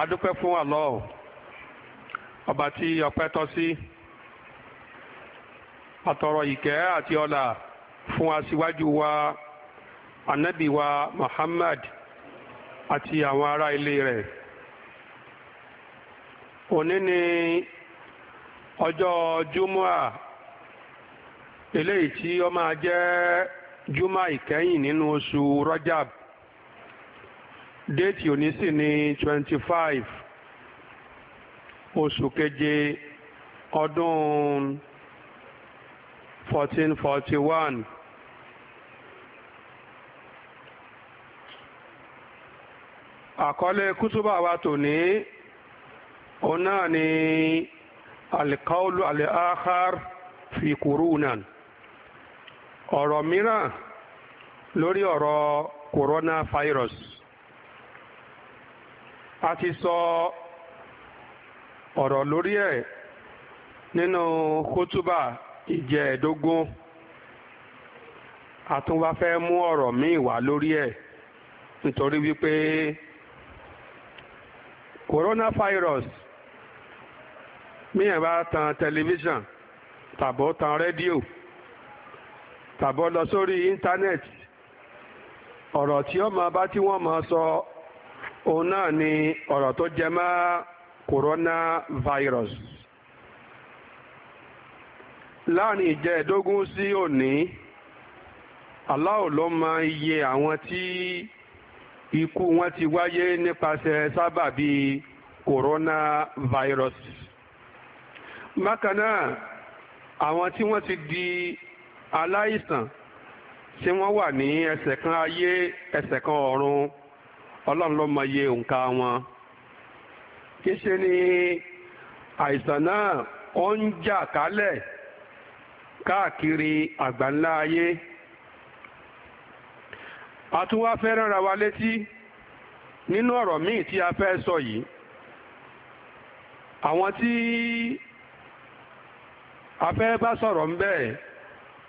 adúpẹ́ fún Allah ọba tí ọpẹ́ tọ́ sí àtọ̀rọ̀ ìkẹ́ àti ọlà fún aṣíwájú wa anabi wa Muhammad àti àwọn ará ilé rẹ̀ òní ni ọjọ́ jumu'a eléyìí tí ó máa jẹ́ júmọ́à ìkẹyìn nínú oṣù Rajab déètì òní sì ní twenty five oṣù keje ọdún fourteen forty one. àkọlé kútúbà wa tòní òun náà ni alikaulu aliahar fi kurunan ọ̀rọ̀ mìíràn lórí ọ̀rọ̀ coronavirus a ti sọ ọ̀rọ̀ lórí ẹ̀ nínú kótúbà ìjẹ́ẹ̀dógún a tún wá fẹ́ mú ọ̀rọ̀ míì wá lórí ẹ̀ nítorí wípé coronavirus míyàn bá tan tẹlifíṣàn tàbọ̀ tan rédíò tàbọ̀ lọ sórí íńtánẹ́ẹ̀tì ọ̀rọ̀ tí ó bá tí wọ́n máa sọ òun náà ni ọ̀rọ̀ tó jẹ mọ́ coronavirus láàrin ìjẹ́ẹ̀dógún sí òní Allah ló mọ iye àwọn tí ikú wọn ti wáyé nípasẹ̀ sábàbí coronavirus bákan àwọn tí wọ́n ti di aláìsàn tí wọ́n wà ní ẹsẹ̀ kan ayé ẹsẹ̀ kan ọ̀run ọlọ́run ló mọ iye òǹkà wọn kí ṣe ni àìsàn náà ó ń jà kálẹ̀ káàkiri àgbáńlá ayé a tún wá fẹ́ rán ra wa létí nínú ọ̀rọ̀ míì tí a fẹ́ sọ yìí àwọn tí a fẹ́ bá sọ̀rọ̀ ń bẹ́ẹ̀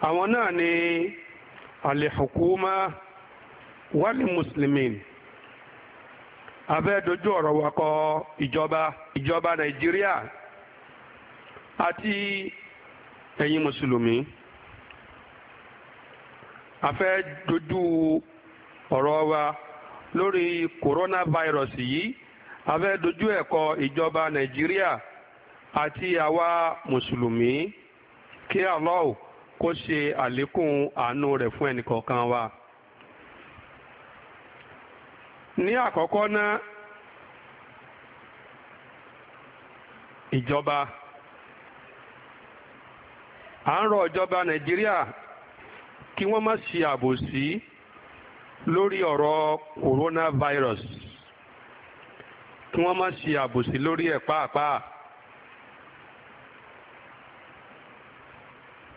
àwọn náà ni alihukuma wali muslimin. abẹ́ dojú ọ̀rọ̀ wakọ̀ ìjọba ìjọba nàìjíríà àti ẹ̀yin mùsùlùmí a dojú ọ̀rọ̀ wa lórí kòrónà coronavirus yìí a fẹ́ dojú ẹ̀kọ ìjọba nàìjíríà àti àwa mùsùlùmí kí Allah kó ṣe àlékún àánú rẹ̀ fún ẹnìkọ̀ọ̀kan wa. ní àkọ́kọ́ ná ìjọba à ń rọ ìjọba nàìjíríà kí wọ́n má ṣe àbòsí lórí ọ̀rọ̀ coronavirus kí wọ́n má ṣe àbòsí lórí ẹ̀ pàápàá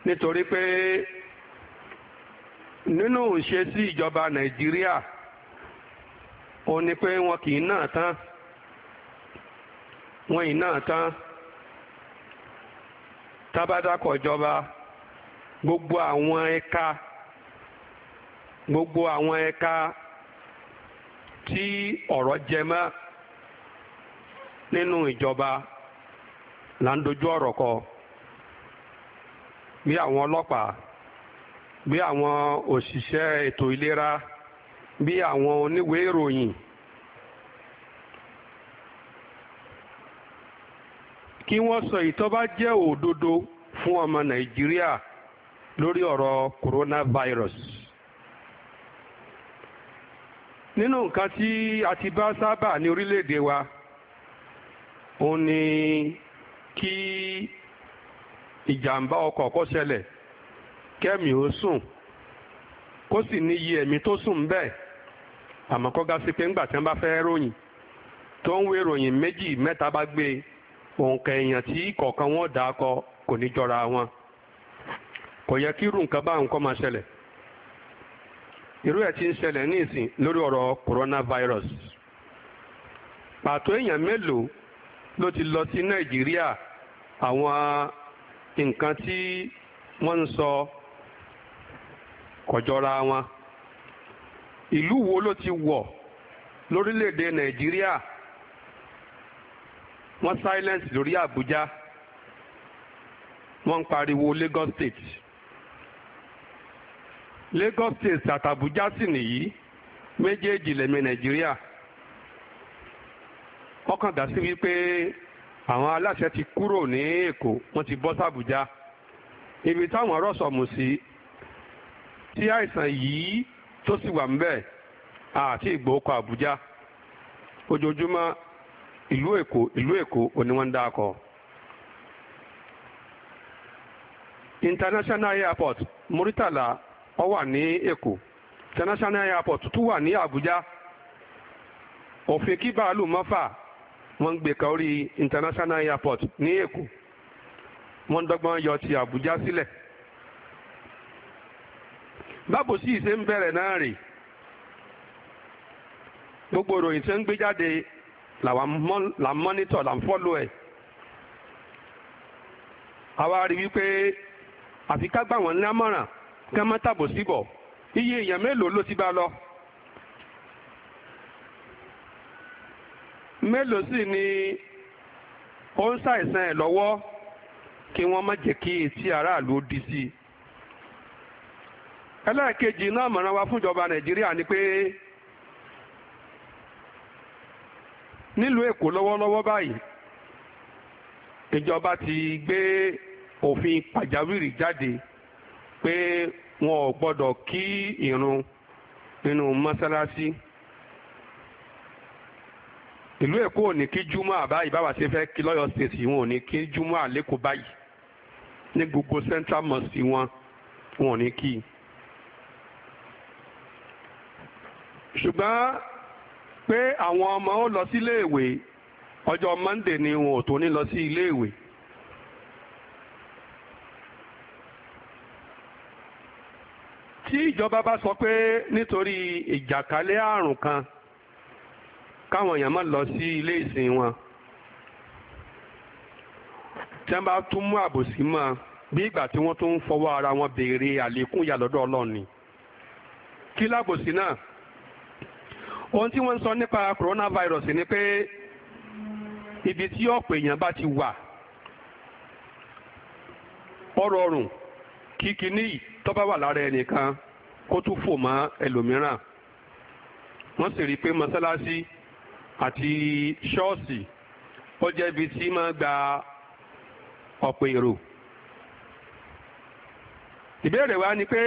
nítorí pé nínú ìṣesí ìjọba nàìjíríà. ó ní pé wọn kì í náà tán wọn ì náà tán tábádàkọ̀ ìjọba gbogbo àwọn ẹka gbogbo àwọn ẹ̀ka tí ọrọ jẹ mọ́ nínú ìjọba là ń dojú kọ bí àwọn ọlọ́pàá bí àwọn òṣìṣẹ́ ètò ìlera. bí àwọn oníwèé ìròyìn kí wọ́n sọ ìtọ́ bá jẹ́ òdodo fún ọmọ nàìjíríà lórí ọ̀rọ̀ coronavirus. nínú nǹkan tí a ti bá sábà ní orílẹ̀-èdè wa òun ni kí ìjàmbá ọkọ̀ kó ṣẹlẹ̀ kẹ́mi ó sùn kó sì níye ẹ̀mí tó sùn bẹ́ẹ̀. àmọ́ kọ́ gá sí pé ńgbà tí wọ́n bá fẹ́ ròyìn tó ń wé ròyìn méjì mẹ́ta bá gbé òǹkà èèyàn tí kọ̀ọ̀kan wọn dà kọ kò ní jọra wọn kò yẹ kí irú nǹkan bá nǹkan máa ṣẹlẹ̀ irú ẹ̀ tí ń ṣẹlẹ̀ ní ìsìn lórí ọ̀rọ̀ coronavirus pàtó èèyàn mélòó ló ti lọ sí nàìjíríà àwọn nǹkan tí wọ́n ń sọ kò wọn. ìlú wo ló ti wọ̀ lórílẹ̀‐èdè nàìjíríà wọ́n silence lórí Abuja, wọ́n ń pariwo lagos state lagos state àtàbújá sì nìyí méjèèjì lẹ́mẹ̀ nàìjíríà wọ́n kàn dá sí wípé àwọn aláṣẹ ti kúrò ní èkó wọ́n ti bọ́ sàbújá ibi táwọn rọ̀ṣọ̀mù sí tí àìsàn yìí tó sì wà ńbẹ̀ àti ìgbòkọ Àbújá ojoojúmọ́ ìlú Èkó ìlú Èkó òní International Airport Muritala ó wà ní Èkó International Airport tún wà ní Àbújá òfin kí bàálù mọ́fà wọ́n gbé ka orí International Airport ní Èkó wọ́n dọ́gbọ́n yọ ti Àbújá sílẹ̀. Si bábò sí ìṣe ń bẹ̀rẹ̀ náà rè gbogbo ìròyìn tí ń gbé jáde là ń mọ́nítọ̀ là ń fọ́lò ẹ̀ àwa rí wípé àfi ká gbà wọ́n ní àmọ̀ràn ká má tàbò síbọ̀ iye èèyàn mélòó ló ti bá lọ. mélòó sì ni ó ń ṣàìsàn ẹ̀ lọ́wọ́ kí wọ́n má jẹ́ kí etí aráàlú ó di sí i ẹlẹ́ẹ̀kejì náà mọ̀ràn wa fúnjọba nàìjíríà ni pé nílùú èkó lọ́wọ́lọ́wọ́ báyìí ìjọba ti gbé òfin pàjáwìrì jáde pé wọn ò gbọ́dọ̀ kí ìrun nínú mọ́sálásí ìlú èkó ò ní kí júmọ́ àbá ìbáwá ṣe fẹ́ kí lọ́yọ̀ state wọn ò ní kí júmọ́ àlékò báyìí ní gbogbo central mosque wọn wọn ò ní kí i. ṣùgbọ́n pé àwọn ọmọ ó lọ sí iléèwé ọjọ́ Monday ni wọn ò tó ní lọ sí iléèwé. tí ìjọba bá sọ pé nítorí ìjàkálẹ̀ àrùn kan káwọn èèyàn má lọ sí ilé ìsìn wọn tí wọ́n bá tún mú àbòsí mọ́ bí ìgbà tí wọ́n tún ń fọwọ́ ara wọn béèrè àlékún ìyà lọ́dọ̀ kí lábòsí náà ohun tí wọ́n ń sọ nípa coronavirus ni pé ibi tí ọ̀pọ̀ èèyàn bá ti wà ó rọrùn kí kinní tó bá wà lára ẹnìkan kó tún fò mọ́ ẹlòmíràn wọ́n sì rí i pé mọ́sálásí àti ṣọ́ọ̀ṣì ó jẹ́ ibi tí máa gba ọ̀pọ̀ èrò. ìbéèrè wa ni pé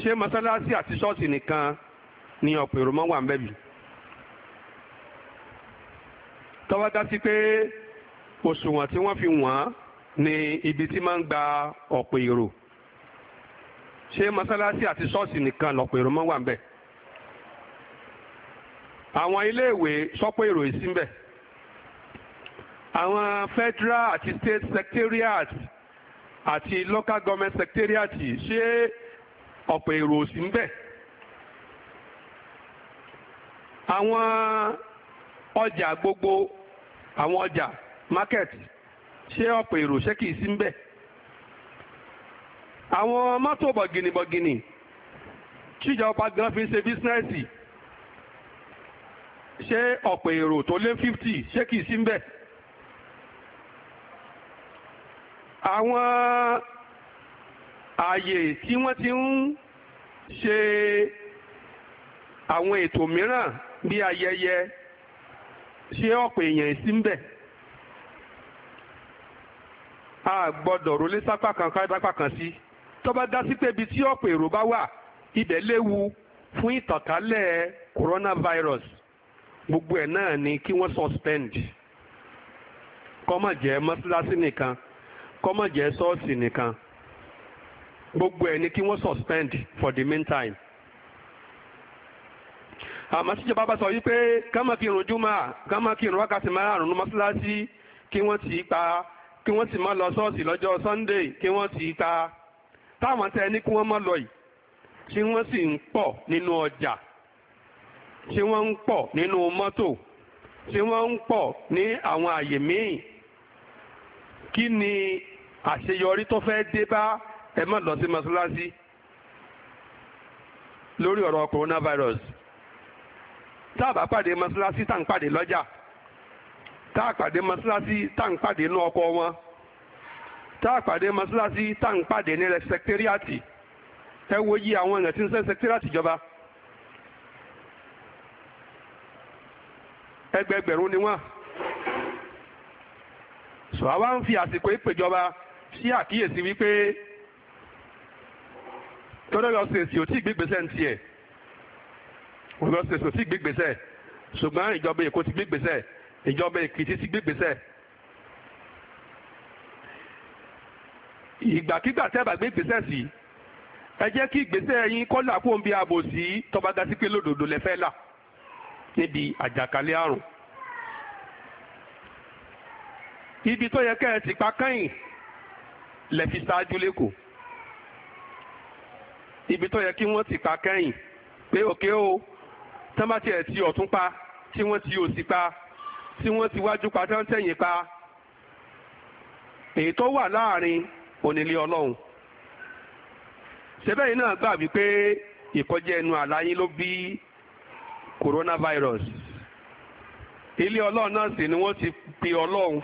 ṣé mọ́sálásí àti ṣọ́ọ̀ṣì nìkan Ni ọ̀pọ̀ èrò mọ́ wà ń bẹ̀bì tọ́wọ́ dá sí pé òṣùwọ̀n tí wọ́n fi wọ̀n ní ibi tí máa ń gba ọ̀pọ̀ èrò ṣé mọ́sálásí àti ṣọ́ọ̀ṣì nìkan lọ̀pọ̀ èrò mọ́ wà ń bẹ̀ àwọn iléèwé sọ́pọ̀ èrò yìí sí ń bẹ̀ àwọn federal àti state secretariat àti local government secretariat ṣé ọ̀pọ̀ èrò sí ń bẹ̀ àwọn ọjà gbogbo àwọn ọjà market ṣé ọ̀pọ̀ èrò ṣé kìí sí mbẹ̀ àwọn mọ́tò bọ̀gìnìbọ̀gìnì tíjọba gan fi ń ṣe bísínẹ́sì ṣé ọ̀pọ̀ èrò tó lé 50 ṣé kìí sí mbẹ̀ àwọn ààyè tí wọ́n ti ń ṣe àwọn ètò mìíràn bí ayẹyẹ ṣé ọ̀pọ̀ èèyàn sí ń bẹ̀ a gbọ́dọ̀ rólé sápá kan ká dápá kan sí tó bá dá sí pé ibi tí ọ̀pọ̀ èrò bá wà ibẹ̀ léwu fún ìtànkálẹ̀ coronavirus gbogbo ẹ̀ náà ni kí wọ́n suspend kọ́mọ̀ jẹ́ nìkan kọ́mọ̀ jẹ́ ṣọ́ọ̀ṣì nìkan gbogbo ẹ̀ ni kí wọ́n suspend for the meantime. àmọ́ síjọba bá sọ wípé ká má kírun júmọ́ ká má kírun wákàtí márùn-ún mọ́ṣáláṣí kí wọ́n ti pa kí wọ́n sì má lọ ṣọ́ọ̀ṣì lọ́jọ́ sunday kí wọ́n ti pa táwọn tẹ ní kí wọ́n má lọ yìí tí wọ́n sì ń pọ̀ nínú ọjà tí wọ́n ń pọ̀ nínú mọ́tò tí wọ́n ń pọ̀ ní àwọn àyè míì kí ni àṣeyọrí tó fẹ́ dé bá ẹ má lọ sí mọ́ṣáláṣí lórí ọ̀rọ̀ coronavirus tá a bá pàdé mọ́ṣáláṣí tá à ń pàdé lọ́jà tá a pàdé mọ́ṣáláṣí tá à ń pàdé inú ọkọ wọn tá a pàdé mọ́ṣáláṣí tá à ń pàdé ní sẹkítẹ́rìàtì ẹ wo yí àwọn èèyàn tí ń sẹ́ sẹkítẹ́rìàtì ìjọba ẹgbẹgbẹ̀rún ni wọ́n sọ àwa ń fi àsìkò ìpèjọba sí àkíyèsí wípé tọ́lọ́lọ́sẹ̀sì ò tí ì gbégbèsè ń tiẹ̀ òun kò sí gbégbèsè ṣùgbọ́n ìjọba èkó ti gbégbèsè ìjọba èkìtì ti gbégbèsè. ìgbàkigbà tẹ́ bá gbégbèsè sí ẹ jẹ́ kí ìgbésẹ̀ yín kọ́là kó ń bí ààbò sí tọ́ba ga sí pé lódòdó lẹ fẹ́ là níbi àjàkálẹ̀ àrùn. ibi tó yẹ kẹ́ ẹ ti pa kẹ́yìn lẹ fi ṣáájú lẹ́kọ̀ọ́ ibi tó yẹ kí wọ́n ti pa kẹ́yìn pé òkè o. Okay, oh tọ́mátì ẹ̀ ti ọ̀tún pa tí wọ́n ti òsì pa tí wọ́n ti wájú pa tí wọ́n tẹ̀yìn pa èyí tó wà láàrin onílé ọlọ́run ṣẹ́bẹ̀yìn náà gbà wípé ìkọjá ẹnu àlá yín ló bí coronavirus ilé ọlọ́run náà sì ni wọ́n ti pe ọlọ́run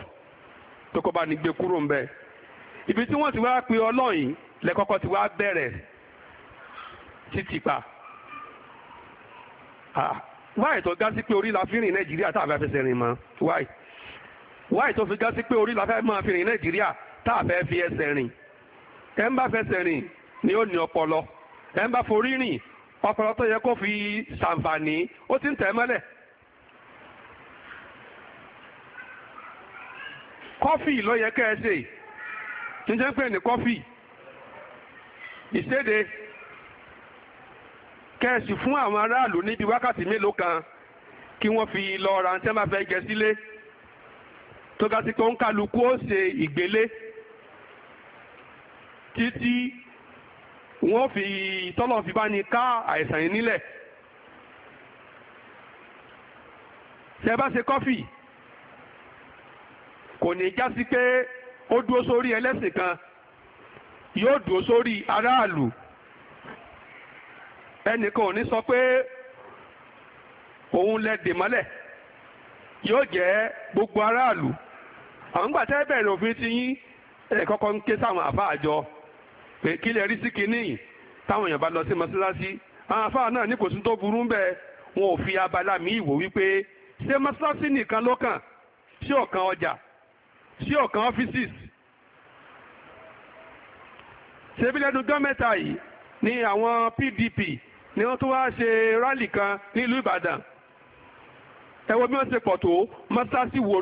tó kọ́ bá ní gbé kúrò ńbẹ ibi tí wọ́n ti wá pe ọlọ́run yìí lẹ́kọ́kọ́ ti wá bẹ̀rẹ̀ títì pa. Ah, wáì tó gá sí pé orí la fi rìn nàìjíríà tá a fẹ́ fẹsẹ̀ rìn mọ́ wáì wáì tó fi gá sí pé orí la fẹ́ máa fi rìn nàìjíríà tá a fẹ́ fi ẹsẹ̀ rìn ẹ̀ ń bá fẹsẹ̀ rìn ni ó ní ọpọlọ ẹ̀ ń bá forí rìn ọpọlọ tó yẹ kó fi ṣàǹfààní ó ti ń tẹ̀ mọ́lẹ̀. kọ́fì ló yẹ kẹ́ ẹ ṣe ǹjẹ́ pé ní kọ́fì ìṣèdè kẹ́ẹ̀sì fún àwọn aráàlú níbi wákàtí mélòó kan kí wọ́n fi lọ ra ń tẹ́ máa fẹ́ jẹ sílé tó ga sí pé ó ń kálukú ó ṣe ìgbélé títí wọ́n fi tọ́lọ̀ fi bá ní ká àìsàn yìí nílẹ̀. tẹ́ bá ṣe kọ́fì kò ní já sí pé ó dúró sórí ẹlẹ́sìn kan yóò dúró sórí aráàlú ẹnìkan ò ní sọ pé òun lẹ dè mọ́lẹ̀ yóò jẹ́ gbogbo aráàlú àwọn gbà tẹ́ bẹ̀rẹ̀ òfin ti yín ẹ̀ kọ́kọ́ ń ké sáwọn àfa àjọ pé kí lè rí sí kinní yìí táwọn èèyàn bá lọ sí mọ́ṣáláṣí àwọn àfa náà ní kò sí tó burú ń bẹ wọn ò fi abala ìwò wípé ṣé mọ́ṣáláṣí nìkan ló kàn sí ọ̀kan ọjà sí ọ̀kan ọ́fíìsìs ṣébí lẹ́nu gán mẹ́ta yìí ni àwọn PDP ni wọ́n tún wá ṣe rálì kan nílùú Ìbàdàn ẹ wo bí wọ́n ṣe pọ̀ tó mọ́sáàsì wo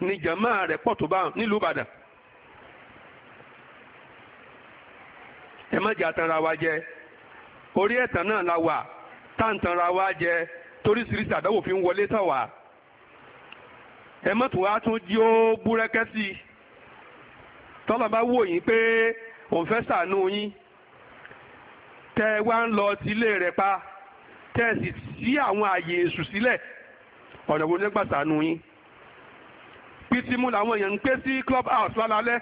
ni jàmáà rẹ̀ pọ̀ tó bá nílùú Ìbàdàn. ẹ má jẹ́ àtànra wa jẹ orí ẹ̀tàn náà la wà táǹtànra wa jẹ toríṣiríṣi àdáwò fi ń wọlé tàn wá ẹ má tún wá tún jí ó búrẹ́kẹ́ sí i bá wò yín pé òun fẹ́ ṣàánú yín tẹ́ ẹ wá ń lọ ti ilé rẹ̀ pa tẹ́ ẹ sì sí àwọn àyè èṣù sílẹ̀ ọ̀nà wo ní gbàsánú yín pitimu làwọn èèyàn ń pè sí club house lálálẹ́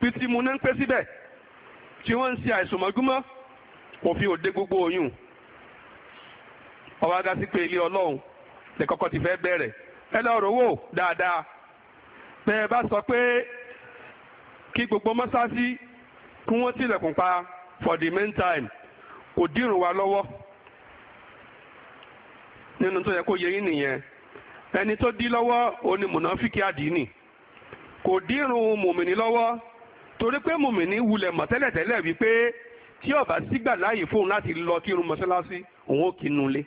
pitimu ní ń pè síbẹ̀ tí wọ́n ń ṣe àìsàn mọ́gúnmọ́ òfin òde gbogbo oyún ọba aga sí pé ilé ọlọ́run lè kọ́kọ́ ti fẹ́ bẹ̀rẹ̀ ẹ lọ́ọ́ rówó dáadáa bẹ́ẹ̀ bá sọ pé kí gbogbo mọ́sáàsì kí wọ́n tilẹ̀kùn pa for the meantime kò dírùn wa lọ́wọ́ nínú tó yẹ kó yẹ yín nìyẹn ẹni tó dí lọ́wọ́ òní mùnàfíkì àdínì kò dírùn mùmìnì lọ́wọ́ torí pé mùmìnì wulẹ̀ mọ̀ tẹ́lẹ̀tẹ́lẹ̀ wípé tí ó bá sígbà láàyè fóun láti lọ kírun mọ́sálásí òun ó kínú lé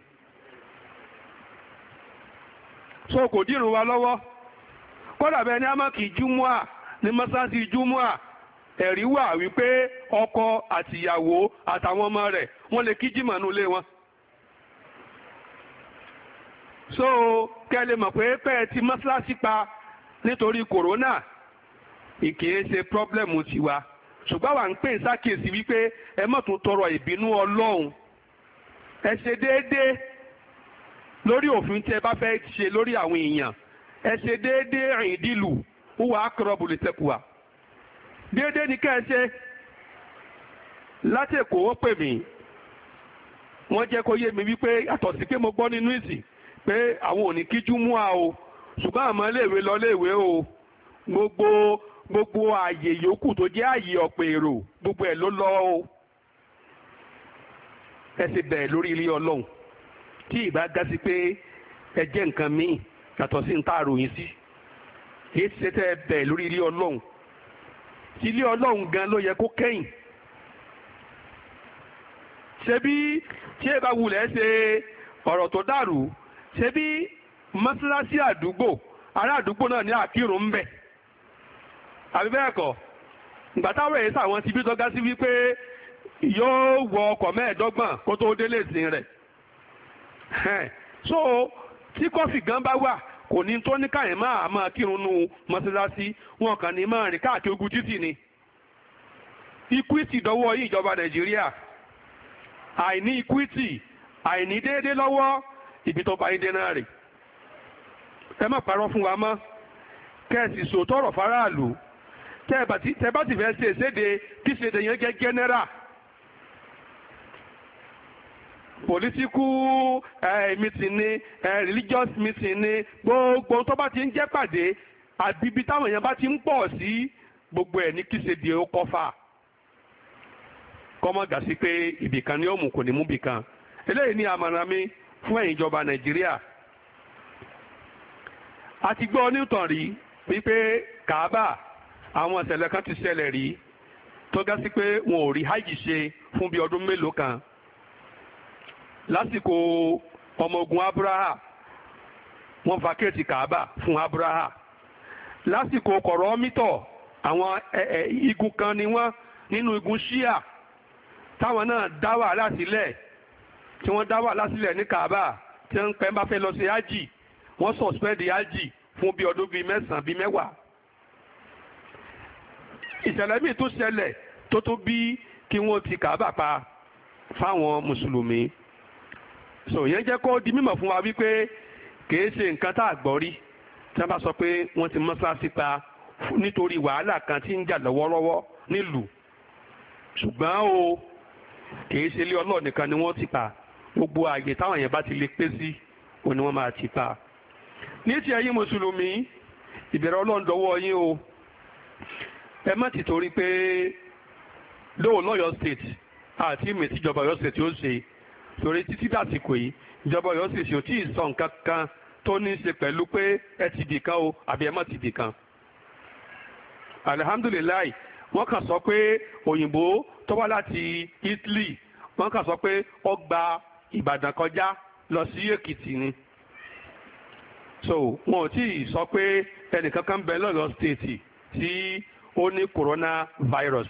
so kò dírùn wa lọ́wọ́ kódà bẹ́ẹ̀ ni a máa kì í júmọ́à ní mọ́sálásí júmọ́à ẹ̀rí wà wípé ọkọ àtìyàwó àtàwọn ọmọ rẹ̀ wọ́n lè kí jìmọ̀ nù wọn. so kẹ́ lè mọ̀ pé pẹ́ẹ́ ti mọ́ṣáláṣí pa nítorí kòrónà ìkìí ṣe pírọ́blẹ́mù tiwa ṣùgbọ́n wà ń pè ń ṣàkíyèsí wípé ẹ má tún tọrọ ìbínú ọlọ́run ẹ ṣe déédéé lórí òfin tí ẹ bá fẹ́ ṣe lórí àwọn èèyàn ẹ ṣe déédéé àyíndílù wúwa akọrọ bùlẹ̀tẹ̀kùwà déédéé ní kẹ́ẹ̀ṣe láti èkó ó pè mí wọ́n jẹ́ kó yé mi wípé yàtọ̀ sí pé mo gbọ́ nínú ìsìn pé àwọn ò ní kíjú mú a o ṣùgbọ́n àmọ́ léèwé lọ léèwé o gbogbo gbogbo ààyè yòókù tó jẹ́ ààyè ọ̀pọ̀ èrò gbogbo ẹ̀ ló lọ o ẹ sì bẹ̀rẹ̀ lórí ilé ọlọ́run tí ìbá ga sí pé ẹ jẹ́ nǹkan míì yàtọ̀ sí ń tààrò yín sí èyí ti ṣe tẹ́ ẹ bẹ̀rẹ̀ lórí ilé ọlọ́run àti ilé ọlọ́run gan ló yẹ kó kẹ́yìn ṣebí tí ẹ bá wulẹ̀ ṣe ọ̀rọ̀ tó dàrú ṣebí mọ́ṣáláṣí àdúgbò ará àdúgbò náà ní àkírun ń bẹ̀ àbí bẹ́ẹ̀ kọ́ ìgbà táwọn sàwọn ti bí sí wípé yóò wọ ọkọ̀ mẹ́ẹ̀ẹ́dọ́gbọ̀n kó tó délé rẹ̀ so tí kọ́fì gan bá wà kò ní tó ní káyẹ̀ máa máa kírun nù mọ́ṣáláṣí wọn kàn ní máa rìn káàkiri ogun títì ni equity dọ́wọ́ yìí ìjọba nàìjíríà àìní equity àìní déédéé lọ́wọ́ ibi tó bá yín dé náà rè ẹ má parọ́ fún wa mọ́ kẹ́ẹ̀sì sòótọ́ ọ̀rọ̀ faraàlú tẹ́ẹ̀ bá fẹ́ ṣe ìṣèdè kí ìṣèdè yẹn jẹ́ general political eh, meeting ni eh, religious meeting ni gbogbo tó bá ti ń jẹ́ pàdé àbíbi táwọn èèyàn bá ti ń pọ̀ sí gbogbo ẹ̀ ní kíṣe di ó kọfà kọ́mọ gà sí pé ibìkan ni ó mú kò ní mú bìkan eléyìí ni àmọ̀ràn mi fún ẹ̀yin ìjọba nàìjíríà a ti gbọ́ newton rí wípé kàábà àwọn ìṣẹ̀lẹ̀ kan ti ṣẹlẹ̀ rí tó gá sí pé wọn ò rí hajj ṣe fún bí ọdún mélòó kan lásìkò ọmọ ogun abraha wọ́n vakéètì kaaba fún abraha lásìkò kọ̀rọ̀ mítọ̀ àwọn igun kan ni wọ́n nínú igun shia táwọn náà dá wàhálà sílẹ̀ tí wọ́n dá wàhálà sílẹ̀ ní kaaba tí wọ́n pẹ́ bá fẹ́ lọ sí ájì wọ́n sọ̀spẹ́ndì ájì fún bí ọdún bíi mẹ́sàn bíi mẹ́wàá. ìṣẹ̀lẹ̀ míì tó ṣẹlẹ̀ tó tó bí kí wọ́n ti kaaba pa fáwọn mùsùlùmí so yẹn jẹ́ kó di mímọ̀ fún wa wípé kìí ṣe nǹkan tá a gbọ́ rí tí wọ́n bá sọ pé wọ́n ti mọ́ṣáláṣí pa nítorí wàhálà kan tí ń jà lọ́wọ́lọ́wọ́ nílùú ṣùgbọ́n o kìí ṣe ilé ọlọ́ọ̀ nìkan ni wọ́n ti pa gbogbo ààyè táwọn yẹn bá ti lè pé sí òun ni wọ́n máa ti pa. ní ti ẹ̀yin mùsùlùmí ìbẹ̀rẹ̀ ọlọ́run dọwọ́ yín o ẹ má ti torí pé lóò state àti ìmẹ̀síjọba ọ̀yọ́ state yóò ṣe torí títí dàsìkò yìí ìjọba Ọ̀yọ́ sì ṣe ò tí ì sọ nǹkan kan tó ní í ṣe pẹ̀lú pé ẹ ti dì kan o àbí ẹ má ti dì kan. alihamudulilayi wọ́n kàn sọ pé òyìnbó tó láti Italy wọ́n kàn sọ pé ó gba Ìbàdàn kọjá lọ sí Èkìtì ni so wọn ò tí ì sọ pé ẹnìkan kan bẹ lọ́yọ̀ stéètì tí ó ní coronavirus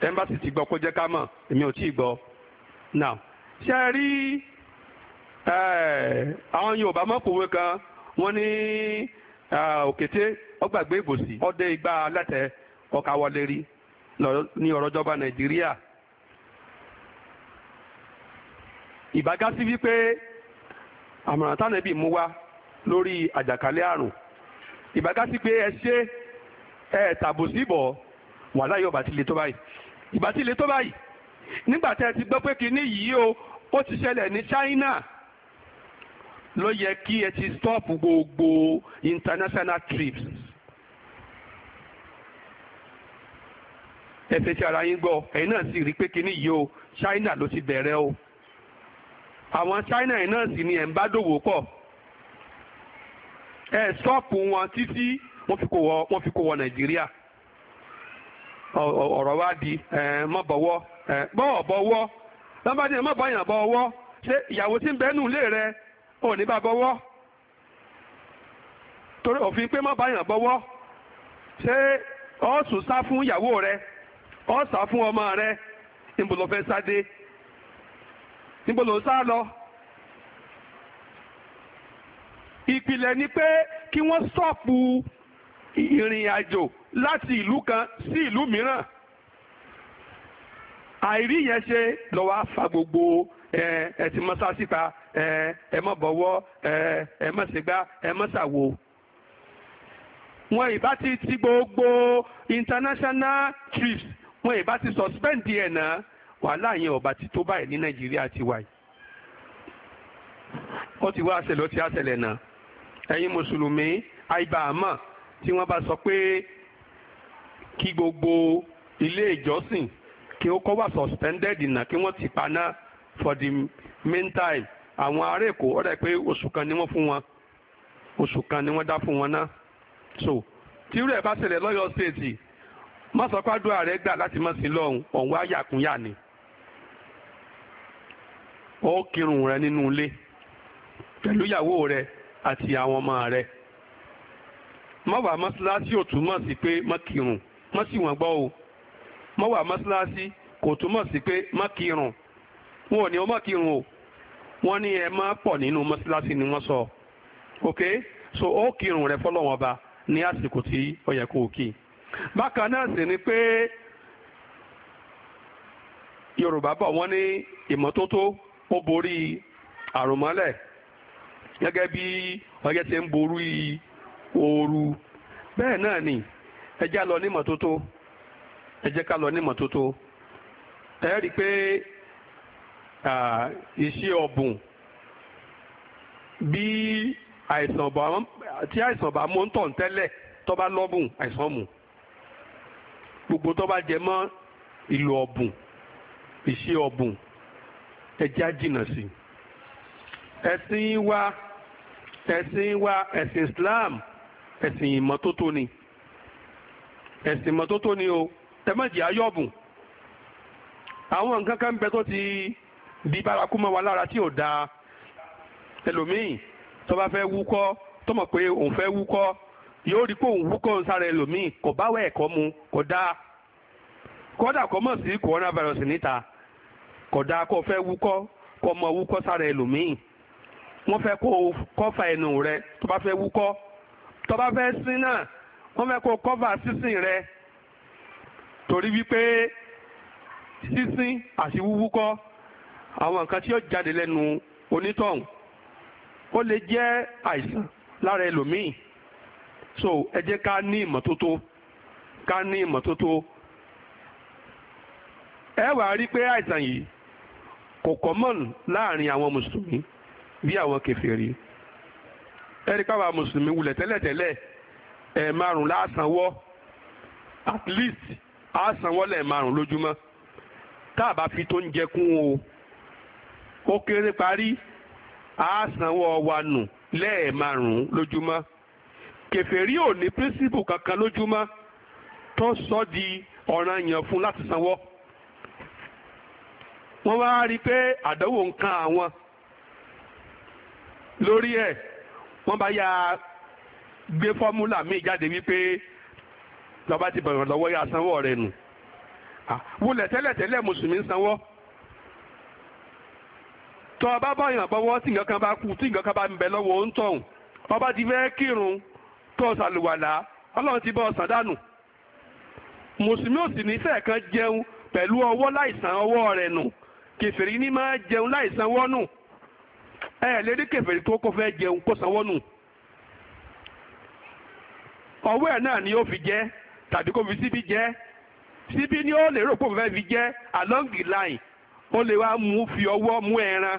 embassy ti gbọ́ kó jẹ́ ká mọ̀ èmi ò tí ì gbọ́ now ṣe rí eh, àwọn Yorùbá mọ̀pòwe kan wọ́n ní eh, òkété ọgbàgbé ìbòsí ọdẹ igba alátẹ ọkà wọlé rí ní ọ̀rọ̀ ìjọba Nàìjíríà ìbágá sí wípé àmọ̀ràn tánàbí mú wá lórí àjàkálẹ̀ àrùn ìbágá pé ẹ ṣe ẹ tàbùsí bọ̀ wàhálà Yorùbá ti le tó báyìí ìbá ti le tó báyìí nígbà tẹ́ ẹ ti gbọ́ pé kinní yìí o ó ti ṣẹlẹ̀ ní China ló yẹ kí ẹ ti stop gbogbo international trips. ẹ fetí ara yín gbọ́ ẹ̀yin náà sì rí pé kinní yìí o China ló ti bẹ̀rẹ̀ o àwọn China yìí náà sì ni ẹ̀ ń bá dòwò pọ̀ ẹ stop wọn títí wọ́n fi kó wọ Nàìjíríà. ọ̀rọ̀ wa di mọ́bọ̀wọ́ bọ́ọ̀ bọ́wọ́ lọ́ba ní mọ́bọ̀yàn bọ́wọ́ ṣé ìyàwó tí ń bẹ́nu lé rẹ ò ní bá bọ́wọ́ torí òfin pé mọ́bọ̀yàn bọ́wọ́ ṣé ọ́ sùn sá fún ìyàwó rẹ ọ́ sá fún ọmọ rẹ níbo ló fẹ́ sá níbo ló ń sá lọ. ìpìlẹ̀ ni pé kí wọ́n sọ̀pù ìrìn àjò láti ìlú kan sí ìlú mìíràn àìrí yẹn ṣe lọ́wọ́ fa gbogbo ẹ ti mọ́sá síta ẹ mọ́ bọ̀wọ́ ẹ mọ́ sígbá ẹ mọ́ sàwo. wọn ìbá ti ti gbogbo international trips wọn ìbá ti suspend díẹ̀ náà wàhálà yẹn ọba ti tó báyìí ní nàìjíríà ti wáyé. ó ti wá àṣẹlẹ̀ ó ti àṣẹlẹ̀ náà ẹ̀yin mùsùlùmí àìbá tí wọ́n bá sọ pé kí gbogbo ilé ìjọsìn kí ó kọ́ wà suspended náà kí wọ́n ti paná for the meantime àwọn ará èkó ọ̀rẹ́ pé oṣù kan ni wọ́n fún wọn oṣù kan ni wọ́n dá fún wọn náà so tí irú ẹ̀ bá ṣẹlẹ̀ lọ́yọ̀ ṣèètì mọ́sọ̀kádùn ààrẹ gbà láti mọ́ sí lọ́hùn ọ̀hún wá ni ó kírun rẹ nínú ilé pẹ̀lú ìyàwó rẹ àti àwọn ọmọ rẹ mọ́wàá mọ́sálásí ò túmọ̀ sí pé mọ́ má sì wọ́n gbọ́ o mọ́ wà mọ́ṣáláṣí kò túmọ̀ sí pé má kírun wọn ò ní o má kírun o wọ́n ní ẹ má pọ̀ nínú mọ́ṣáláṣí ni wọ́n sọ ok so ó kírun rẹ fọlọ́wọ́n ba ní àsìkò tí ó yẹ kó o kí bákan náà sì ni pé yorùbá bọ̀ wọ́n ní ìmọ́tótó ó borí àròmọ́lẹ̀ gẹ́gẹ́ bí ọjọ́ ti ń borí ooru bẹ́ẹ̀ náà ni ẹ já lọ ní mọ́tótó ẹ jẹ́ ká lọ ní mọ́tótó ẹ rí i pé iṣẹ́ ọ̀bùn bí àìsàn bá tí àìsàn bá mú ń tàn tẹ́lẹ̀ tó bá lọ́bùn àìsàn mú gbogbo tó bá jẹ mọ́ ìlò ọ̀bùn iṣẹ́ ọ̀bùn ẹ já sí ẹ̀sìn wa ẹ̀sìn wa ẹ̀sìn Islam ẹ̀sìn ìmọ́tótó ni ẹ̀sìn mọ́tótó ni o tẹ́mọ̀tì ayọ́bùn àwọn nǹkan kan bẹ tó ti di bárakú mọ́ wa lára tí ò dáa ẹlòmíì tó bá fẹ́ wúkọ́ tó mọ̀ pé òun fẹ́ wúkọ́ yóò rí pé òun wúkọ́ ń sára ẹlòmíì kò báwọ̀ ẹ̀kọ́ mu kò dáa kódà kò mọ̀ sí coronavirus níta kò dáa kó fẹ́ wúkọ́ kó mọ wúkọ́ sára ẹlòmíì wọ́n fẹ́ kó kọ́fà ẹnu rẹ tó bá fẹ́ wúkọ́ tó bá fẹ́ sín náà wọ́n fẹ́ kó cover sísìn rẹ torí wípé sísìn àti wíwú kọ́ àwọn nǹkan tí ó jáde lẹ́nu onítọ̀hún ó lè jẹ́ àìsàn lára ẹlòmíì so ẹ jẹ́ ká ní ìmọ́tótó ká ní ìmọ́tótó ẹ wàá rí pé àìsàn yìí kò common láàrin àwọn mùsùlùmí bí àwọn kèfèrí ẹ rí káwa mùsùlùmí wulẹ̀ tẹ́lẹ̀tẹ́lẹ̀ Emarun márùn lásanwọ́ at least àsanwọ́ lẹ̀ márùn lójúmọ́ tá a bá fi tó ń jẹ kún o ó kéré parí àsanwọ́ wa nù lẹ́ẹ̀márùn lójúmọ́ kèfèrí ò ní píríncípù kankan lójúmọ́ tó sọ di ọ̀ranyàn fún láti sanwó wọ́n wá rí i pé àdánwò ń kan àwọn lórí ẹ̀ wọ́n bá gbé fọ́múlà míì jáde wípé lọ́ba ti bẹ̀rẹ̀ lọ́wọ́ yá sanwó rẹ̀ nù wulẹ̀ tẹ́lẹ̀tẹ́lẹ̀ mùsùlùmí sanwó tọ́ ọba báyàn bọ́wọ́ tí nǹkan kan bá kú tí nǹkan kan bá ń bẹ lọ́wọ́ ń tọ̀hún ọba ti fẹ́ kírun tó ṣàlùwàlà ọlọ́run ti bọ́ ọ̀sán dànù mùsùlùmí ò sì ní fẹ́ẹ̀ kan jẹun pẹ̀lú ọwọ́ láìsàn ọwọ́ rẹ̀ nù kèfèrí ní máa jẹun láìsàn wọ́nù ẹ̀ lérí kèfèrí tó kó fẹ́ jẹun kó sanwó nù. ọwọ́ ẹ̀ náà ni ó fi jẹ́ tàbí kó fi síbí jẹ́ síbí ni ó lè rò pé òun fẹ́ fi jẹ́ along the line ó lè wá mú fi ọwọ́ mú ẹran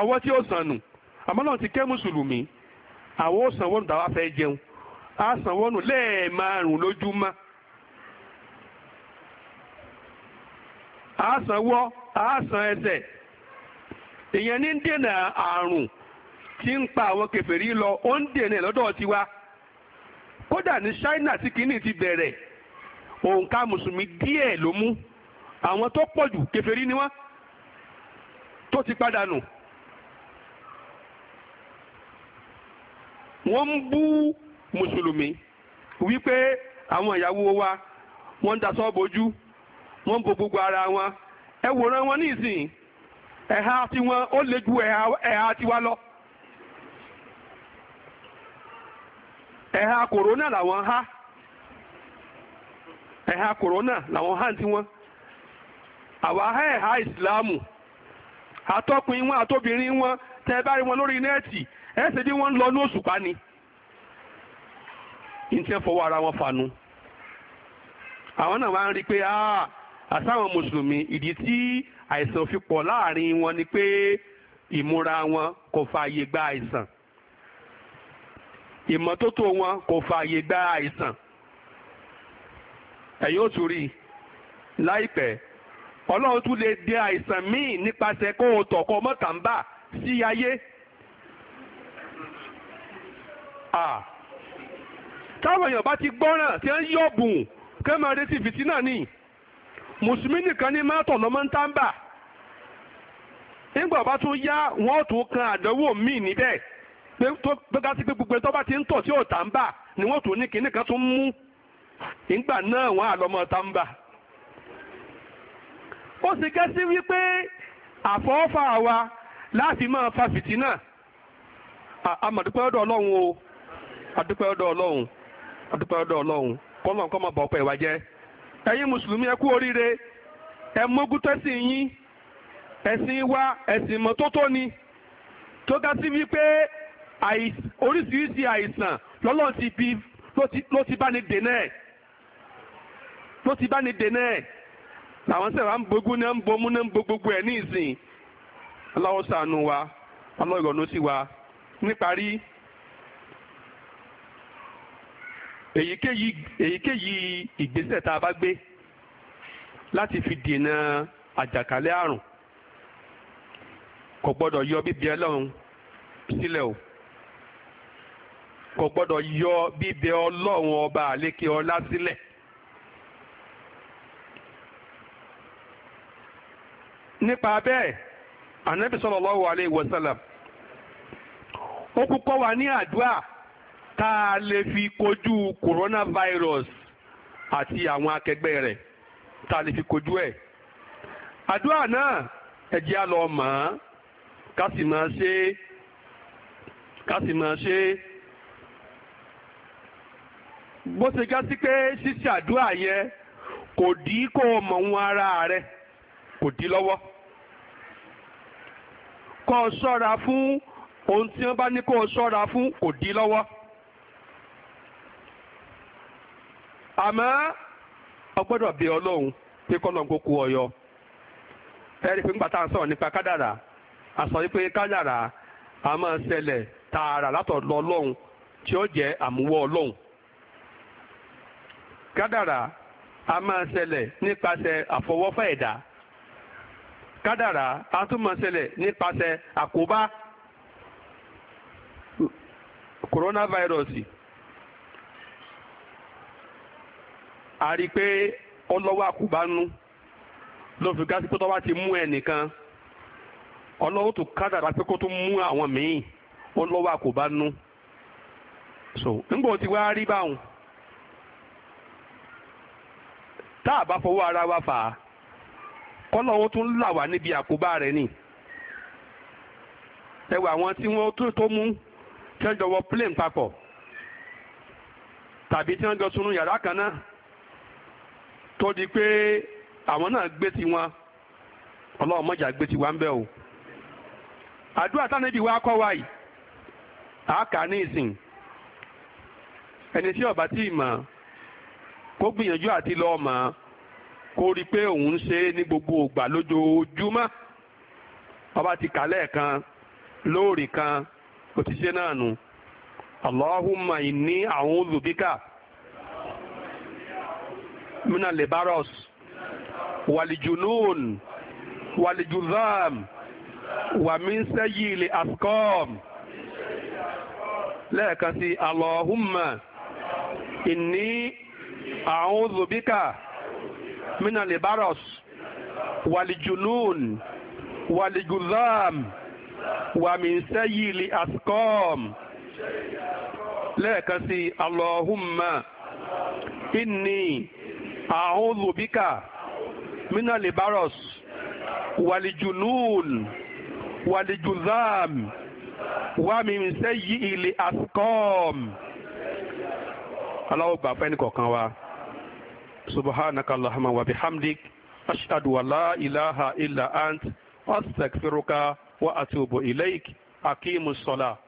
ọwọ́ tí ó sànù àmọ́ náà ti kẹ́ mùsùlùmí àwọn ó sanwó nù táwa fẹ́ jẹun á sanwó nù lẹ́ẹ̀márùn lójúmọ́ á sanwó á san ẹsẹ̀ ìyẹn ní dènà àrùn tí ń pa àwọn lọ ó ń dènà lọ́dọ̀ tiwa. kódà ní China tí kínní ti bẹ̀rẹ̀ òǹkà mùsùlùmí díẹ̀ ló mú àwọn tó pọ̀jù jù kèfèrí ni wọ́n tó ti padà nù. wọ́n ń bú mùsùlùmí wípé àwọn ìyàwó wa wọ́n ń daṣọ bojú wọ́n ń bo gbogbo ara wọn ẹ wọn ní ìsìn ẹ̀ha tiwọn ó le ju ẹ̀ha tiwa lọ. ẹ̀ha kòrónà làwọn ha ẹ̀ha kòrónà làwọn ha tí wọ́n àwa há ẹ̀ha ìsìláàmù wọn àtobìnrin wọn lori bá rí wọn lórí nẹ́ẹ̀tì ẹ ni ìtẹ́ fọwọ́ ara wọn fanu àwọn náà rí i pé àsáwọn mùsùlùmí ìdí tí àìsàn fi pọ̀ láàrin wọn ni pé ìmúra wọn kò fààyè ìmọ́tótó wọn kò fààyè gba àìsàn ẹ̀yin ó tún rí i láìpẹ́ ọlọ́run tún lè dé àìsàn míì nípasẹ̀ kó o tọ̀ kó o mọ̀tà ń bà sí ayé. táwọn èèyàn bá ti gbọ́ràn tí wọ́n yọ̀ bùn kí wọ́n máa retí fìtínà ni mùsùlùmí nìkan ní mọ́tò lọ́mọ ń tán bà nígbà bá tún yá wọ́n tún kan àdánwò míì níbẹ̀. tó ga sí pé gbogbo ẹni tó bá ti ń tọ̀ tí ò tá ń bà ni wọ́n tó ní kinní kan tó mú ìgbà náà wọ́n á lọ́mọ tá ń bà. ó sì kẹ́ sí wípé àfọ́fà wa láti máa fa fìtínà àmọ̀dúpẹ́ ọ̀dọ̀ ọlọ́run o àdúpẹ́ ọ̀dọ̀ ọlọ́run àdúpẹ́ ọ̀dọ̀ ọlọ́run kọ́mọ̀ kọ́mọ̀ bọ̀ ọ̀pẹ̀ ìwà jẹ́ ẹ̀yin mùsùlùmí ẹ kú oríire ẹ mógún tẹ́sìn yín ẹ̀sìn wa ẹ̀sìn mọ́tótó ni tó ga sí wípé oríṣiríṣi àìsàn lọ́lọ́ ti bí ló ti bá ní dènà ẹ̀ ló ti bá ní dènà ẹ̀ làwọn sẹ̀wá ń gbogbo náà ń bomú náà ń bo gbogbo ẹ̀ ní ìsìn aláwọ̀ ṣàánú wa ọlọ́ọ̀rọ̀nù sí wa níparí èyíkéyìí èyíkéyìí ìgbésẹ̀ tá a bá gbé láti fi dènà àjàkálẹ̀ àrùn kò gbọ́dọ̀ yọ bíbí ẹlọ́run sílẹ̀ o kò gbọ́dọ̀ yọ bíbẹ ọlọ́run ọba àlékè ọlá sílẹ̀. nípa bẹ́ẹ̀ anabi sallallahu alayhi wa sallam ó kú kọ́ wa ní àdúrà tá a lè fi kojú coronavirus àti àwọn akẹgbẹ́ rẹ̀ tá a lè fi kojú ẹ̀ àdúrà náà ẹ jẹ́ á lọ mọ̀ ọ́n ká sì máa ṣe ká sì máa ṣe é. bó ṣe já sí pé ṣíṣàdúrà yẹn kò dí kó o mọ̀ ohun ara rẹ kò dí lọ́wọ́ kó o ṣọ́ra fún ohun tí wọ́n bá ní kó o ṣọ́ra fún kò dí lọ́wọ́ àmọ́ ọgbọ́dọ̀ gbọ́dọ̀ bẹ ọlọ́run pé kọ́lọ́n kó kú ọyọ ẹ̀rí pé ńgbà sọ̀rọ̀ nípa kádàrà yìí pé kádàrà a máa ṣẹlẹ̀ tààrà látọ̀ ọlọ́run tí ó jẹ́ àmúwọ́ ọlọ́run Kadara a máa ṣẹlẹ̀ nípasẹ̀ àfọwọ́fà ẹ̀dá Kadara a tún máa ṣẹlẹ̀ nípasẹ̀ àkóbá coronavirus a rí i pé ọlọ́wọ́ àkóbá fi pé ti mú ẹnìkan ọlọ́wọ́ tó kadara pé kó tó mú àwọn míì ọlọ́wọ́ so ńgbọ́n ti wá rí báwọn. tá a bá fọwọ́ ara wa fà á kọ́lọ́ wọn là wá níbi àkóbá rẹ ni ẹwà àwọn tí wọn tó tó mú tí plane papọ̀ tàbí tí wọ́n jọ sunu yàrá kan tó di pé àwọn náà gbé wọn ọlọ́run mọ̀jà gbé tiwa ń o àdúrà táwọn ibi wa a kà ní ìsìn ẹni tí ọba tí ì kó rí i pé òun ń ṣe é ní gbogbo ògbà lójoojúmọ́ ọba ti kà lẹ́ẹ̀kan lóòrì kan ó ti ṣe náà nù allahumma inni a'udhu bika minal libaros wàlìjùnún wàlìjùzám wàmínsẹ́yìlì ascom lẹ́ẹ̀kan sí allahumma inni a'udhu bika. من البرص والجنون والجذام ومن سيء الأسقام lẹ́ẹ̀kan sí Allahumma inni a'udhu bika minal baros walijunun walijuzam wa min sayyi il asqam. aláwọ̀ gbà fẹ́ ní kọ̀ọ̀kan wa. سبحانك اللهم وبحمدك أشهد أن لا إله إلا أنت أستغفرك وأتوب إليك أقيم الصلاة